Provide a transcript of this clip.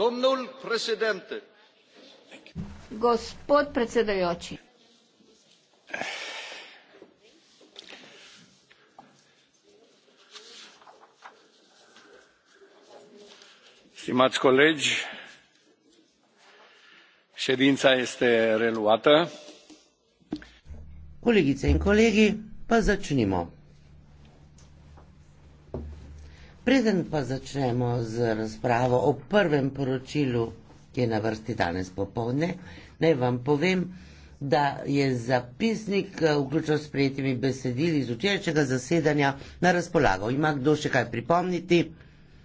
Domnul președinte. Gospod predsedajoči. Stimați colegi, ședința este reluată. Colegițe în colegii, păzăciunimă. Preden pa začnemo z razpravo o prvem poročilu, ki je na vrsti danes popovdne, naj vam povem, da je zapisnik eh, vključno s prijetimi besedili iz včerajšnjega zasedanja na razpolago. Ima kdo še kaj pripomniti?